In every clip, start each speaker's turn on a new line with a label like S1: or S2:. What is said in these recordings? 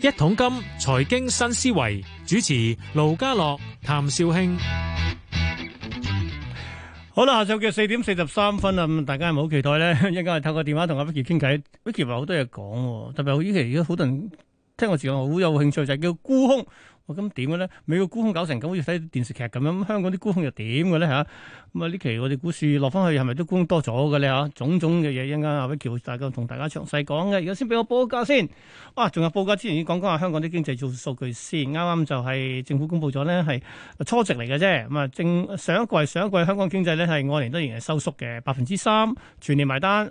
S1: 一桶金財經新思維，主持盧家樂、譚紹興，好啦，下晝嘅四點四十三分啦，大家係咪好期待咧？一陣間我透過電話同阿 Vicky 傾偈，Vicky 話好多嘢講，特別好依期而家好多人聽我節目好有興趣，就係、是、叫沽空。我咁點嘅咧？美國沽空搞成咁，好似睇電視劇咁樣。咁香港啲沽空又點嘅咧吓，咁啊呢期我哋股市落翻去係咪都沽空多咗嘅咧嚇？種種嘅嘢一陣間阿偉橋大家同大家詳細講嘅。而家先俾我報個價先。哇、啊！仲有報價之前已經講講下香港啲經濟做數據先。啱啱就係政府公布咗咧，係初值嚟嘅啫。咁啊，正上一季上一季香港經濟咧係按年都仍然係收縮嘅，百分之三全年埋單。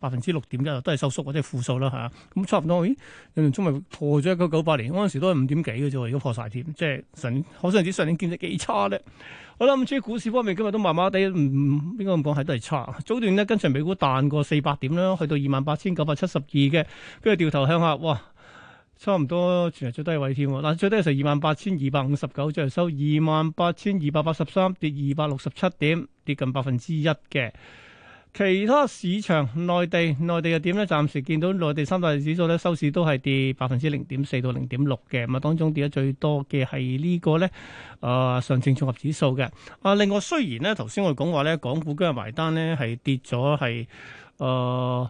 S1: 百分之六點一都係收縮或者負數啦吓，咁差唔多咦？兩年中咪破咗一九九八年，嗰陣時都係五點幾嘅啫，如果破晒添，即係神，可想而知上年經濟幾差咧。好啦，咁至於股市方面，今日都麻麻地，唔、嗯、唔，應該咁講係都係差。早段呢，跟隨美股彈過四百點啦，去到二萬八千九百七十二嘅，跟住掉頭向下。哇！差唔多全日最低位添喎，嗱最低嘅時候，二萬八千二百五十九，再收二萬八千二百八十三，跌二百六十七點，跌近百分之一嘅。其他市場內地，內地又點咧？暫時見到內地三大指數咧，收市都係跌百分之零點四到零點六嘅，咁啊當中跌得最多嘅係呢個咧啊、呃、上證綜合指數嘅。啊，另外雖然咧頭先我哋講話咧港股今日埋單咧係跌咗係誒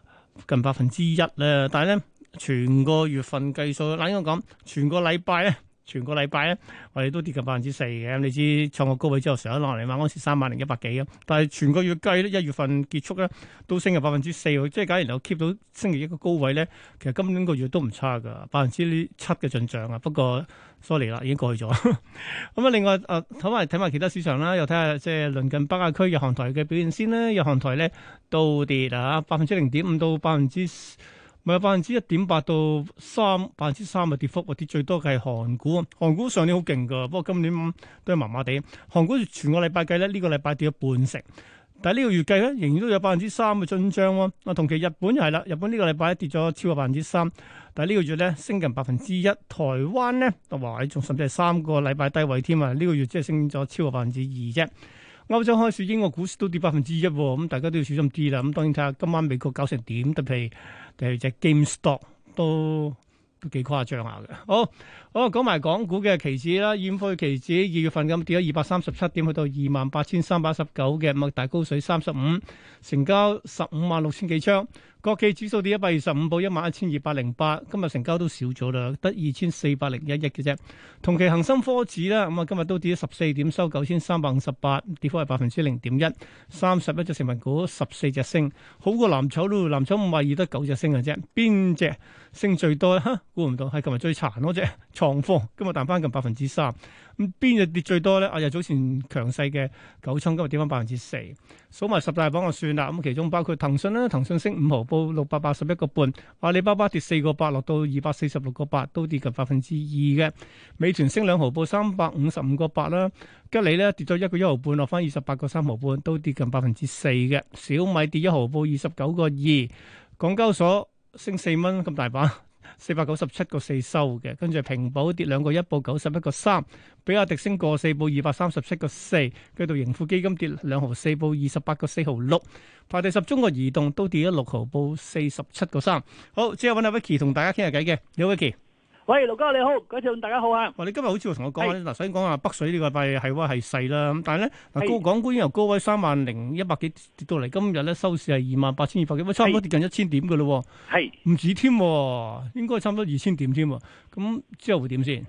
S1: 近百分之一咧，但係咧全個月份計數，嗱我講全個禮拜咧。全個禮拜咧，我哋都跌近百分之四嘅。你知創個高位之後上一落嚟嘛？嗰嗰時三萬零一百幾嘅。但係全個月計咧，一月份結束咧，都升入百分之四。即係假如能夠 keep 到星期一個高位咧，其實今年個月都唔差㗎，百分之七嘅進賬啊。不過，sorry 啦，已經過去咗。咁啊，另外啊，睇埋睇埋其他市場啦，又睇下即係鄰近北亞區日韓台嘅表現先啦。日韓台咧都跌啊，百分之零點五到百分之咪有百分之一點八到三，百分之三嘅跌幅，跌最多嘅係韓股。韓股上年好勁噶，不過今年、嗯、都係麻麻地。韓股全個禮拜計咧，呢個禮拜跌咗半成，但係呢個月計咧，仍然都有百分之三嘅進張咯。啊，同期日本又係啦，日本呢個禮拜跌咗超過百分之三，但係呢個月咧升近百分之一。台灣咧就話仲甚至係三個禮拜低位添啊，呢個月即係升咗超過百分之二啫。歐洲開始，英國股市都跌百分之一，咁大家都要小心啲啦。咁當然睇下今晚美國搞成點，特別係誒隻 GameStop 都都幾誇張下嘅。好好講埋港股嘅期指啦，遠期期指二月份咁跌咗二百三十七點，去到二萬八千三百十九嘅，擘大高水三十五，成交十五萬六千幾張。國企指數跌一百二十五，報一萬一千二百零八。今日成交都少咗啦，得二千四百零一億嘅啫。同期恒生科指啦，咁啊今日都跌十四點收，收九千三百五十八，跌幅係百分之零點一。三十一隻成分股，十四隻升，好過藍籌囉，藍籌五十二得九隻升嘅啫。邊隻升最多咧？估唔到，係琴日最殘嗰隻創科，今日彈翻近百分之三。咁邊隻跌最多咧？啊，又早前強勢嘅九倉，今日跌翻百分之四。數埋十大榜就算啦，咁其中包括騰訊啦，騰訊升五毫。報六百八十一個半，阿里巴巴跌四個八，落到二百四十六個八，都跌近百分之二嘅。美團升兩毫，報三百五十五個八啦。吉利咧，跌咗一個一毫半，落翻二十八個三毫半，都跌近百分之四嘅。小米跌一毫，報二十九個二。港交所升四蚊咁大把。四百九十七個四收嘅，跟住平保跌兩個一，報九十一個三，比亞迪升個四，報二百三十七個四，跟到盈富基金跌兩毫四，報二十八個四毫六，排第十中國移動都跌咗六毫，報四十七個三，好，之後揾阿 Vicky 同大家傾下偈嘅，你好 Vicky。喂，盧哥你好，嗰場大家好啊！喂，你今日好似要同我講咧，嗱，首先講下北水個呢個幣係話係細啦，咁但係咧，嗱，高港官由高位三萬零一百幾跌到嚟，今日咧收市係二萬八千二百幾，喂，差唔多跌近一千點噶咯，係唔止添，應該差唔多二千點添，咁之後會點先？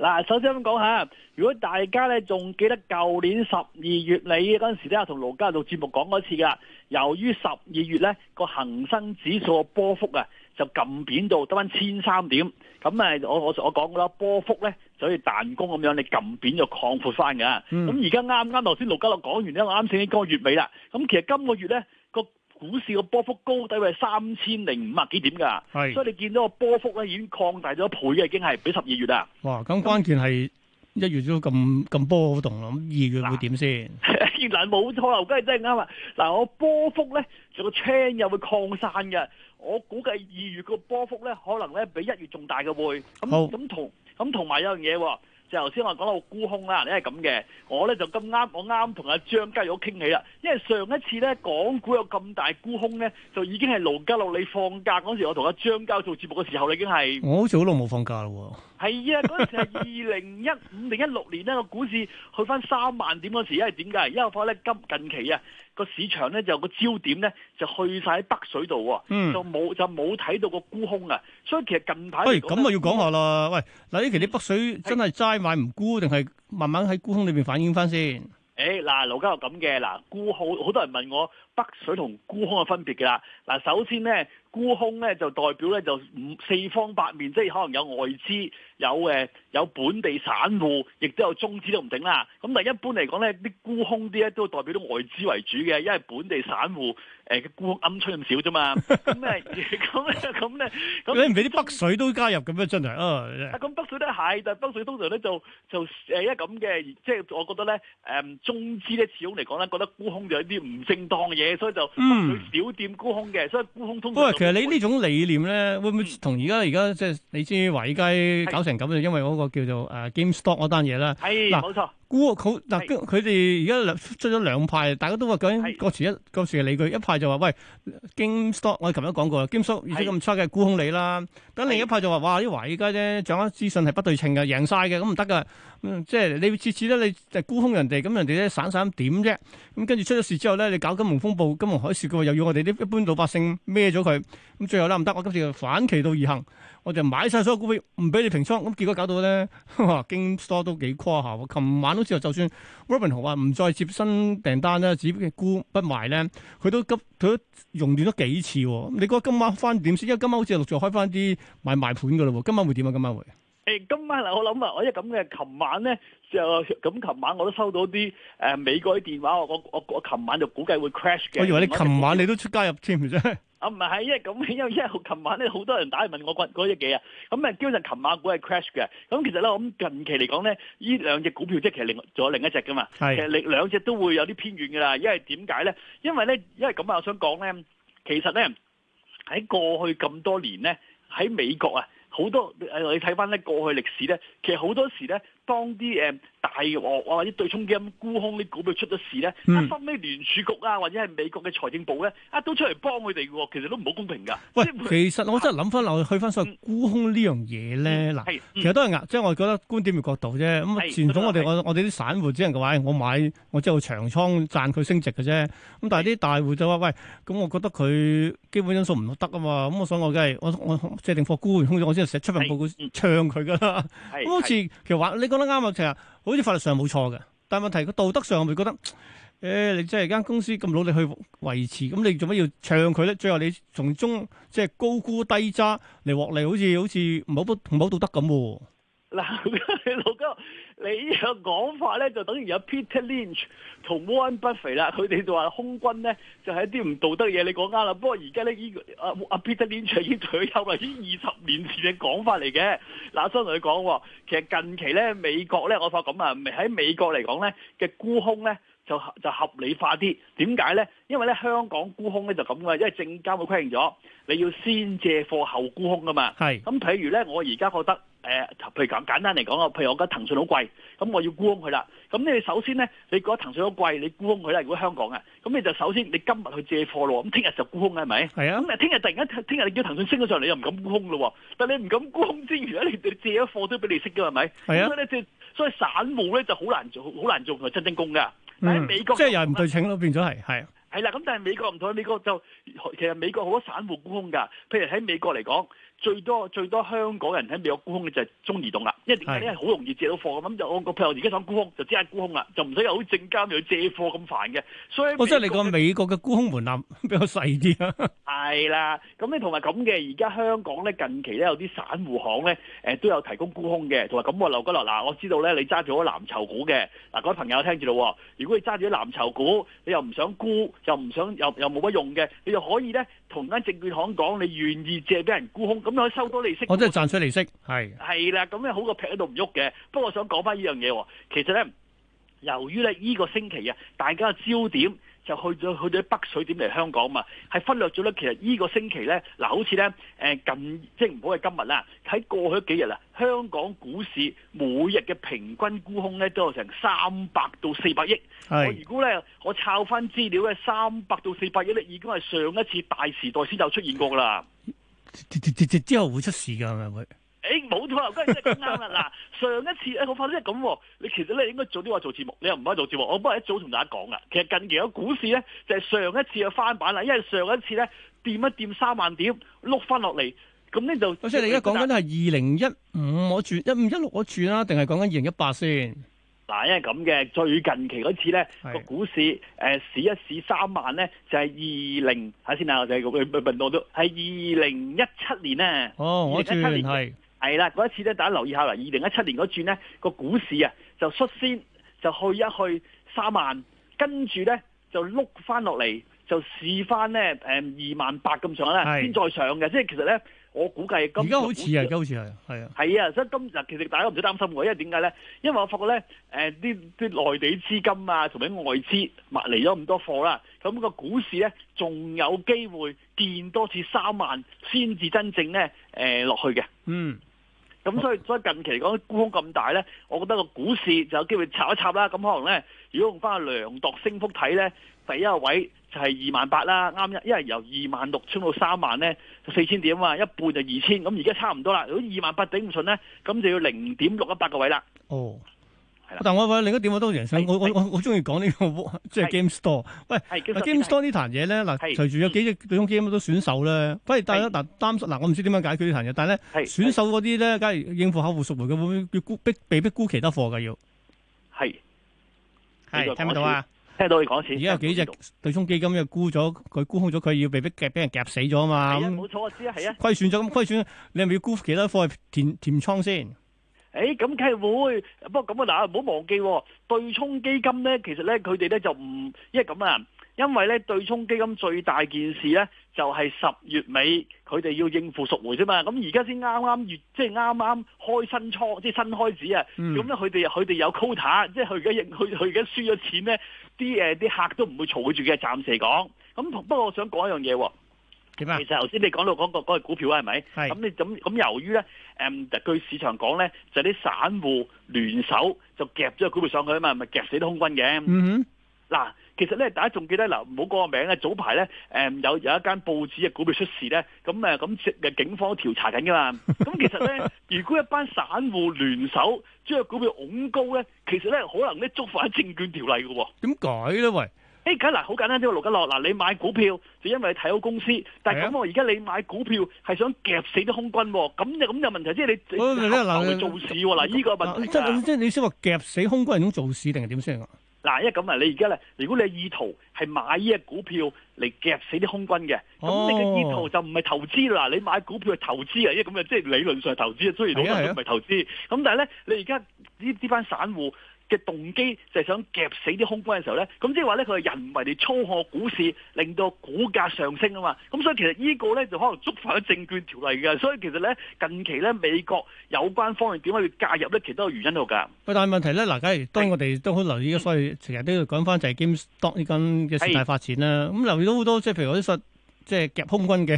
S2: 嗱，首先咁講下，如果大家咧仲記得舊年十二月尾嗰陣時咧，同盧家樂節目講過一次噶。由於十二月咧個恒生指數波幅啊，就撳扁到得翻千三點，咁啊，我我講過啦，波幅咧就好似彈弓咁樣，你撳扁就擴闊翻㗎。咁而家啱啱頭先盧家樂講完咧，我啱先呢個月尾啦，咁其實今個月咧個股市嘅波幅高低係三千零五十幾點噶，所以你見到個波幅咧已經擴大咗倍嘅，已經係比十二月啦。
S1: 哇！咁關鍵係一月都咁咁波動咁二月會點先？
S2: 原來冇錯，梗 係真係啱啊！嗱，我波幅咧仲個 chain 又會擴散嘅，我估計二月個波幅咧可能咧比一月仲大嘅會。好咁同咁同埋有樣嘢喎。就頭先我講到個沽空啦，你係咁嘅，我咧就咁啱，我啱同阿張家玉傾起啦，因為上一次咧港股有咁大沽空咧，就已經係盧家樂你放假嗰時，我同阿張家做節目嘅時候，你已經係
S1: 我好似好耐冇放假啦。
S2: 係 啊，嗰陣時係二零一五定一六年咧，個股市去翻三萬點嗰時，因為點解？因為咧今近期啊，個市場咧就、個焦點咧就去晒喺北水度，嗯，就冇就冇睇到個沽空啊。所以其實近排喂咁
S1: 啊，欸、要講下啦。喂，嗱，呢期啲北水真係齋買唔沽，定係慢慢喺沽空裏邊反映翻先？
S2: 誒、欸，嗱，盧家又咁嘅，嗱沽好，好多人問我。北水同沽空嘅分別嘅啦，嗱，首先咧沽空咧就代表咧就五四方八面，即係可能有外資，有誒有本地散戶，亦都有中資都唔定啦。咁但係一般嚟講咧，啲沽空啲咧都代表到外資為主嘅，因為本地散戶誒嘅沽空暗吹咁少啫嘛。咁咧咁咧
S1: 咁咧，你唔俾啲北水都加入嘅咩？真係啊！咁、
S2: oh, yeah. 北水都係，但係北水通常咧就就誒一咁嘅，即、呃、係、就是、我覺得咧誒、呃、中資咧始終嚟講咧覺得沽空就有一啲唔正當嘅嘢。所以就少點、嗯、沽空嘅，所以沽空通。
S1: 喂，其實你呢種理念咧，會唔會同而家而家即係你知華爾街搞成咁啊？因為嗰個叫做誒 GameStop 嗰單嘢啦。係、uh,，冇、啊、錯，沽好嗱，佢哋而家出咗兩派，大家都話究竟各持一各持理據。一派就話喂，GameStop 我哋琴日講過啦，GameStop 而且咁差嘅、就是、沽空你啦。等另一派就話哇，啲華爾街咧掌握資訊係不對稱嘅，贏晒嘅咁唔得㗎。即係、嗯就是、你次次咧你就沽空人哋，咁人哋咧散散點啫。咁跟住出咗事之後咧，你搞金融風金融海嘯嘅又要我哋啲一般老百姓孭咗佢。咁最後啦，唔得，我今次就反其道而行，我就買晒所有股票，唔俾你平倉。咁結果搞到咧，經銷都幾誇下。琴晚好似就算 Robin 豪啊，唔再接新訂單啦，只股不賣咧，佢都急佢都融斷咗幾次。你覺得今晚翻點先？因為今晚好似又陸續開翻啲賣賣盤嘅嘞。今晚會點啊？今晚會？
S2: 誒，今晚嗱，我諗啊，我一咁嘅琴晚咧。就咁琴晚我都收到啲誒美國啲電話，我我我琴晚就估計會 crash 嘅。我以為你琴晚你都
S1: 出街入添啫。
S2: 啊唔係，係因為咁，因為因為琴晚咧好多人打嚟問我嗰嗰幾啊，咁啊基本上琴晚估係 crash 嘅。咁其實咧，我諗近期嚟講咧，呢兩隻股票即係其實另仲有另一隻噶嘛。其實兩隻都會有啲偏遠噶啦。因為點解咧？因為咧，因為咁啊，我想講咧，其實咧喺過去咁多年咧，喺美國啊，好多誒你睇翻咧過去歷史咧，其實好多時咧。當啲誒大鱷或者對沖基金沽空啲股票出咗事咧。啊，後屘聯儲局啊，或者係美國嘅財政部咧，啊都出嚟幫佢哋嘅，其實都唔好公平㗎。
S1: 喂，其實我真係諗翻落去翻，所謂沽空呢樣嘢咧，嗱，其實都係硬，即係我覺得觀點嘅角度啫。咁傳統我哋我我哋啲散戶只能夠話我買，我即係長倉賺佢升值嘅啫。咁但係啲大戶就話喂，咁我覺得佢基本因素唔得啊嘛。咁我想我梗係我我借定貨沽完空咗，我先係寫出份報告唱佢㗎啦。咁好似其實話你講。都啱啊！其實好似法律上冇錯嘅，但係問題個道德上，我咪覺得，誒，你即係間公司咁努力去維持，咁你做乜要唱佢咧？最後你從中即係、就是、高沽低揸嚟獲利，好似好似唔好不唔好道德咁。嗱，
S2: 老哥，你呢個講法咧，就等於有 Peter Lynch 同 Warren Buffett 啦。佢哋就話空軍咧，就係一啲唔道德嘢。你講啱啦。不過而家咧，阿 Peter Lynch 已經退休啦，已經二十年前嘅講法嚟嘅。嗱，真同你講，其實近期咧，美國咧，我發覺咁啊，喺美國嚟講咧嘅沽空咧就就合理化啲。點解咧？因為咧香港沽空咧就咁嘅，因為證監會規定咗你要先借貨後沽空啊嘛。係。咁譬如咧，我而家覺得。誒，譬如講簡單嚟講啊，譬如我覺得騰訊好貴，咁我要沽空佢啦。咁你首先咧，你覺得騰訊好貴，你沽空佢啦，如果香港呀，咁你就首先你今日去借貨咯，咁聽日就沽空係咪？係啊，咁啊聽日突然間聽日你叫騰訊升咗上嚟，你又唔敢沽空咯。但你唔敢沽空之餘咧，你借咗貨都俾你升嘅係咪？係啊，所以咧，所以散戶咧就好難做，好難做同埋真正攻㗎。喺美國即係
S1: 又唔對稱咯，變咗係係。
S2: 係啦，咁但係美國唔同，美國就其實美國好多散戶沽空㗎。譬如喺美國嚟講，最多最多香港人喺美國沽空嘅就係中移動啦。因為點解咧？好容易借到貨咁，就我譬如而家想沽空，就即刻沽空啦，就唔使有啲證監要借貨咁煩嘅。所以
S1: 我即係你個美國嘅沽空門檻比較細啲
S2: 啦。係啦，咁咧同埋咁嘅，而家香港咧近期咧有啲散戶行咧，誒都有提供沽空嘅，同埋咁我劉哥啦。嗱，我知道咧你揸住啲藍籌股嘅嗱，各位朋友聽住咯。如果你揸住啲藍籌股，你又唔想沽？不又唔想又又冇乜用嘅，你就可以咧同間證券行講，你願意借俾人沽空，咁可以收多利息。我真係
S1: 賺取利息，係
S2: 係啦，咁咧好過劈喺度唔喐嘅。不過我想講翻呢樣嘢，其實咧由於咧呢個星期啊，大家嘅焦點。就去咗去咗北水點嚟香港嘛？係忽略咗咧。其實呢個星期咧，嗱，好似咧，誒近即係唔好係今日啦。喺過去幾日啦，香港股市每日嘅平均沽空咧都有成三百到四百億。我如果咧，我抄翻資料嘅三百到四百億咧，已經係上一次大時代先有出現過啦。
S1: 之後會出事㗎，係咪會？
S2: 冇錯，又真係咁啱啦！嗱，上一次咧、哎，我發覺真係咁喎。你其實咧應該早啲話做節目，你又唔可以做節目。我不過一早同大家講啦。其實近期嘅股市咧，就係、是、上一次嘅翻版啦。因為上一次咧，掂一掂三萬點，碌翻落嚟，咁呢度，即、就、先、是、你而家講緊都
S1: 係二零一五嗰轉，一五一六嗰轉啦、啊，定係講緊二零一八先？
S2: 嗱、啊，因為咁嘅最近期嗰次咧，個股市誒試一試三萬咧，就係二零。睇先啊，我哋問問到咗，係二零一七年咧。
S1: 哦，二零一七年係。
S2: 係啦，嗰一次咧，大家留意下啦。二零一七年嗰轉咧，個股市啊，就率先就去一去三萬，跟住咧就碌翻落嚟，就試翻咧，誒二萬八咁上啦，先再上嘅。即係其實咧，我估計今而家好似係，而家
S1: 好似係，
S2: 係啊，係啊。所以今日其實大家唔使擔心我，因為點解咧？因為我發覺咧，誒啲啲內地資金啊，同埋外資買嚟咗咁多貨啦，咁個股市咧仲有機會見多次三萬，先至真正咧誒落去嘅。嗯。咁所以所以近期嚟講，沽空咁大呢，我覺得個股市就有機會插一插啦。咁可能呢，如果用翻個量度升幅睇呢，第一個位就係二萬八啦。啱一，因為由二萬六衝到三萬呢，就四千點啊，一半就二千。咁而家差唔多啦。如果二萬八頂唔順呢，咁就要零點六一八個位啦。哦、
S1: oh.。但係我話另一點我很，我都認想，我我我我中意講呢、這個即係、就是、Game Store。喂是，Game Store 這呢壇嘢咧，嗱隨住有幾隻對沖基金都選手咧，不如但係嗱擔嗱我唔知點樣解決呢壇嘢，但係咧選手嗰啲咧，梗係應付客戶贖回嘅，會要沽逼被逼沽其他貨嘅要。
S2: 係係聽唔到啊？聽到你講
S1: 先。而家有幾隻對沖基金又沽咗，佢沽空咗，佢要被逼夾，俾人夾死咗啊嘛。冇、嗯、錯，我
S2: 知啊，係啊。虧損咗咁
S1: 虧損， 你係咪要沽其他貨去填填，填倉先？
S2: 誒、哎，咁梗係會，不過咁啊，嗱唔好忘記、哦，對沖基金咧，其實咧佢哋咧就唔，因為咁啊，因為咧對沖基金最大件事咧就係、是、十月尾佢哋要應付贖回啫嘛，咁而家先啱啱月，即係啱啱開新初，即係新開始啊，咁咧佢哋佢哋有 quota，即係佢而家佢佢而家輸咗錢咧，啲誒啲客都唔會嘈住嘅，暫時嚟講，咁不過我想講一樣嘢、哦。其實頭先你講到講個嗰個股票係咪，咁你咁咁由於咧，誒，據市場講咧，就啲散戶聯手就夾咗個股票上去啊嘛，咪夾死啲空軍嘅。嗱，其實咧，大家仲記得嗱，唔好講個名咧。早排咧，誒有有一間報紙嘅股票出事咧，咁咪咁誒警方調查緊㗎嘛。咁其實咧，如果一班散戶聯手將個股票㧬高咧，其實咧可能咧觸犯證券條例嘅喎。
S1: 點解咧？喂？
S2: 梗、嗯、嗱，好簡單，呢個盧家樂，嗱，你買股票就因為你睇好公司，但係咁我而家你買股票係想夾死啲空軍喎，咁就咁有問題，即係你做事喎，嗱、這、呢個問題啦。即
S1: 係、啊、你先話夾死空軍係種做事定係點先，
S2: 嗱，因為咁啊，你而家咧，如果你意圖係買呢隻股票嚟夾死啲空軍嘅，咁你嘅意圖就唔係投資啦。你買股票係投資啊，因為咁啊，即係理論上係投資，雖然攞翻嚟唔係投資。咁但係咧，你而家呢呢班散戶，嘅動機就係想夾死啲空軍嘅時候咧，咁即係話咧，佢係人為地操控股市，令到股價上升啊嘛。咁所以其實依個咧就可能觸犯咗證券條例嘅。所以其實咧近期咧美國有關方面點解要介入咧，其實都有原因喺度㗎。
S1: 喂，但係問題咧嗱，假如當然我哋都好留意咗，所以成日都要講翻就係 GameStop 依間嘅事態發展啦。咁留意到好多即係譬如嗰啲實即係夾空軍嘅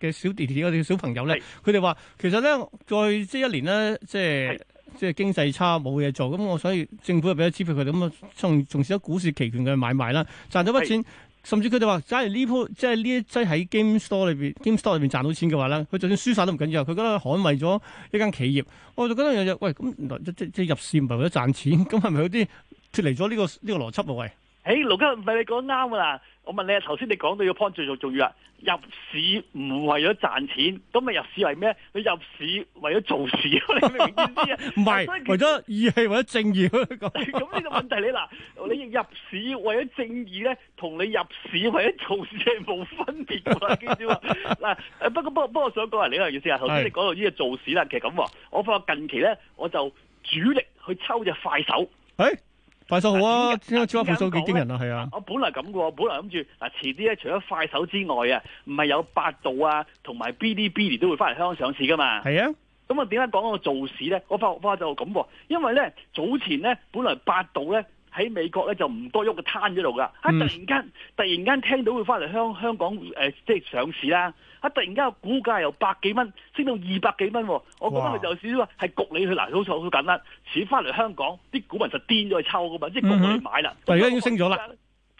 S1: 嘅小弟弟嗰啲小朋友咧，佢哋話其實咧在呢一年咧即係。即係經濟差冇嘢做，咁我所以政府又俾咗支票佢哋，咁啊從從事咗股市期權嘅買賣啦，賺咗筆錢，甚至佢哋話假如呢鋪即係呢一劑喺 Game Store 裏面 Game Store 裏邊賺到錢嘅話咧，佢就算輸晒都唔緊要，佢覺得捍衛咗一間企業，我就覺得有喂咁，即即入市唔係為咗賺錢，咁係咪有啲脫離咗呢個呢個邏輯啊？喂？
S2: 誒、hey，盧家，唔係你講啱嘅啦！我問你啊，頭先你講到要 point 最重重要啊，入市唔為咗賺錢，咁咪入市為咩？你入市為咗做事，你明唔明意思啊？唔 係，為咗義氣，為咗正義。咁呢 個問題你嗱，你入市為咗正義咧，同你入市為咗做 事係冇分別嘅。嗱，誒，不過不不過想講係你個意思啊。頭先你講到呢個做事啦，其實咁，我發覺近期咧，我就主力去抽隻快手。
S1: 快手好啊！啊，超家超江頻道幾驚人啊，係啊，啊！我
S2: 本來咁嘅，我本來諗住嗱，遲啲咧除咗快手之外啊，唔係有百度啊，同埋 Bilibili 都會翻嚟香港上市噶嘛。係啊，咁啊點解講我做市咧？我發覺就咁、啊，因為咧早前咧本來百度咧。喺美國咧就唔多喐嘅攤喺度噶，啊突然間突然間聽到佢翻嚟香香港誒，呃，即係上市啦！啊突然間股價由百幾蚊升到二百幾蚊，我覺得佢就係少少，係焗你去嗱，好似好簡單，錢翻嚟香港啲股民就癲咗去抽噶嘛，即係焗你去買啦。但而家已經升咗啦，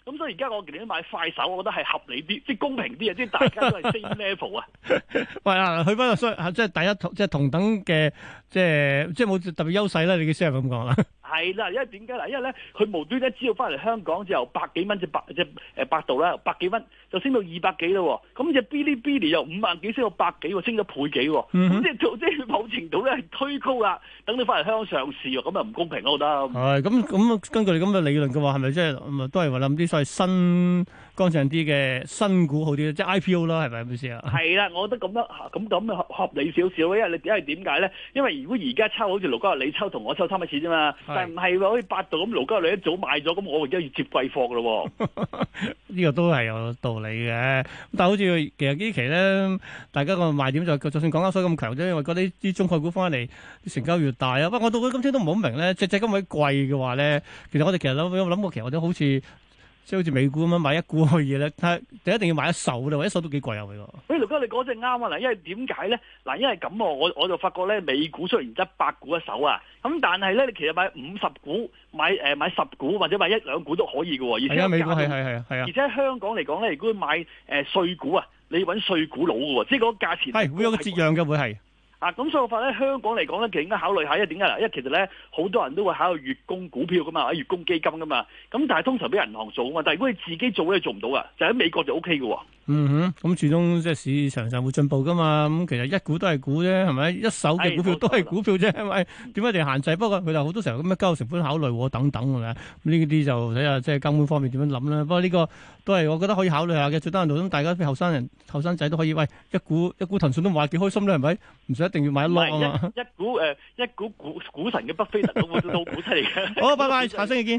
S2: 咁所以而家我建議買快手，我覺得係合理啲，即係公平啲啊，即係大家都係 same
S1: level 啊。 喂，啊，去翻即係第一即係同等嘅，即係即係冇特別優勢啦。你嘅聲係咁講啦。
S2: 係啦，因為點解啦？因為咧，佢無端咧，只要翻嚟香港之後，百幾蚊至百隻誒百度啦，百幾蚊就升到二百幾嘞。咁隻 Bilibili 由五萬幾升到百幾，升咗倍幾。咁即係即係某程度咧係推高啦。等你翻嚟香港上市，咁又唔公平咯、嗯就
S1: 是，我覺得。係咁咁，根據你咁嘅理論嘅話，係咪即係都係話諗啲所謂新乾淨啲嘅新股好啲即係 IPO 啦，係咪咁意思啊？係
S2: 啦，我覺得咁樣咁咁合合理少少因為你因為點解咧？因為如果而家抽好似盧哥話，你抽同我抽差唔多錢啫嘛。唔係喎，好似百度咁，盧家你一早買咗，咁我而家要接貴貨咯
S1: 喎。呢 個都係有道理嘅。但係好似其實期呢期咧，大家個賣點就就算港交所咁強，啫，因為嗰啲啲中概股翻嚟，成交越大啊。不過我到佢今天都唔好明咧，只只金位貴嘅話咧，其實我哋其實諗諗過，其實我都好似。即係好似美股咁樣買一股可以咧，但係就一定要買一手咧，或者一手都幾貴啊！咪個，
S2: 喂，盧哥，你講真啱啊！嗱，因為點解咧？嗱，因為咁我我就發覺咧，美股雖然一百股一手啊，咁但係咧，你其實買五十股、買誒買十股或者買一兩股都可以嘅，而家美股係係
S1: 係啊，而
S2: 且香港嚟講咧，如果買誒碎股啊，你揾碎股佬嘅喎，即係個價錢係會有個折讓嘅，會係。啊，咁所以我發咧，香港嚟講咧，其實應該考慮下一點解？因為其實咧，好多人都會考慮月供股票噶嘛，啊，月供基金噶嘛。咁但係通常俾銀行做啊嘛，但係如果你自己做咧，你做唔到噶，就喺美國就 O K 嘅喎。
S1: 嗯哼，咁始終即係市場上會進步噶嘛？咁其實一股都係股啫，係咪？一手嘅股票都係股票啫，係咪？點解一定限制？不過佢就好多時候咁樣，交易成本考慮等等，係咪？呢啲就睇下即係監管方面點樣諗啦。不過呢個都係我覺得可以考慮下嘅。最低限度咁，大家啲後生人、後生仔都可以喂，一股一股騰訊都話幾開心啦，係咪？唔使一定要買一攞啊嘛！一股誒，一股股
S2: 股神嘅巴菲特都都好出嚟嘅。好，拜拜，下星期見。